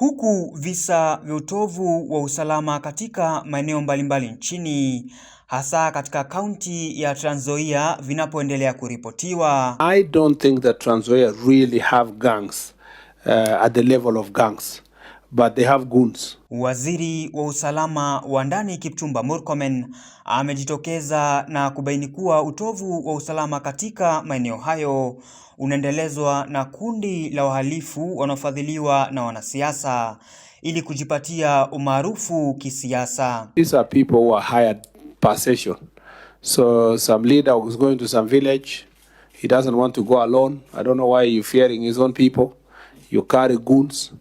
Huku visa vya utovu wa usalama katika maeneo mbalimbali nchini hasa katika kaunti ya Trans Nzoia vinapoendelea kuripotiwa. I don't think that Trans Nzoia really have gangs, uh, at the level of gangs. But they have goons. Waziri wa usalama wa ndani Kipchumba Murkomen amejitokeza na kubaini kuwa utovu wa usalama katika maeneo hayo unaendelezwa na kundi la wahalifu wanaofadhiliwa na wanasiasa ili kujipatia umaarufu kisiasa. These are people who are hired per session. So some leader was going to some village. He doesn't want to go alone. I don't know why you're fearing his own people. You carry goons.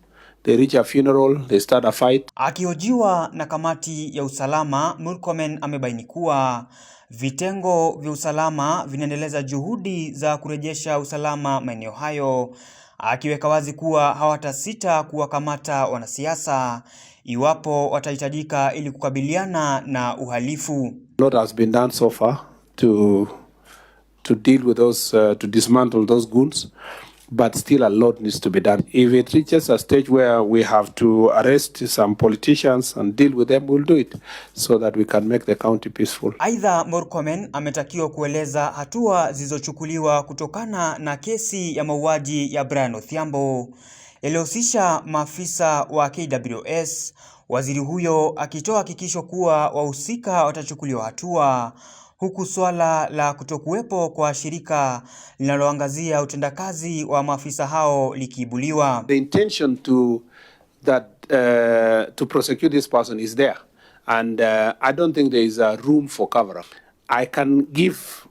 They reach a funeral, they start a fight. Akihojiwa na kamati ya usalama, Murkomen amebaini kuwa vitengo vya usalama vinaendeleza juhudi za kurejesha usalama maeneo hayo, akiweka wazi kuwa hawatasita kuwakamata wanasiasa iwapo watahitajika ili kukabiliana na uhalifu. A lot has been done so far to to deal with those uh, to dismantle those goons but still a lot needs to be done. If it reaches a stage where we have to arrest some politicians and deal with them, we'll do it so that we can make the county peaceful. Aidha, Murkomen ametakiwa kueleza hatua zilizochukuliwa kutokana na kesi ya mauaji ya Brian othiambo yaliyohusisha maafisa wa KWS, waziri huyo akitoa hakikisho kuwa wahusika watachukuliwa hatua huku swala la kutokuwepo kwa shirika linaloangazia utendakazi wa maafisa hao likiibuliwa. The intention to that uh, to prosecute this person is there and uh, I don't think there is a room for cover up. I can give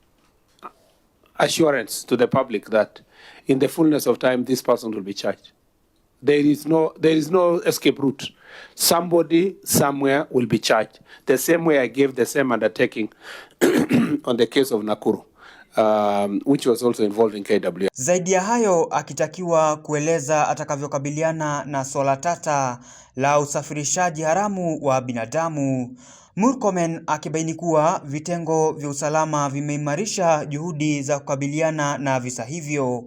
assurance to the public that in the fullness of time this person will be charged there is no there is no escape route somebody somewhere will be charged the same way i gave the same undertaking on the case of Nakuru um, which was also involving KW. Zaidi ya hayo akitakiwa kueleza atakavyokabiliana na swala tata la usafirishaji haramu wa binadamu, Murkomen akibaini kuwa vitengo vya usalama vimeimarisha juhudi za kukabiliana na visa hivyo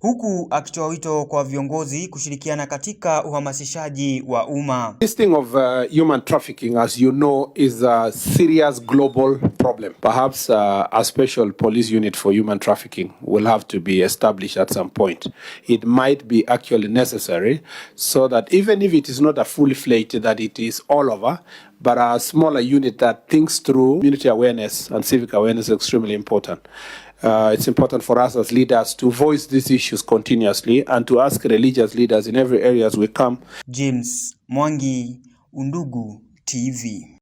huku akitoa wito kwa viongozi kushirikiana katika uhamasishaji wa umma. This thing of uh, human trafficking as you know is a serious global problem. Perhaps uh, a special police unit for human trafficking will have to be established at some point. It might be actually necessary so that even if it is not a fully fledged that it is all over, but a smaller unit that thinks through community awareness and civic awareness is extremely important. Uh, it's important for us as leaders to voice these issues continuously and to ask religious leaders in every areas we come. James Mwangi, Undugu TV.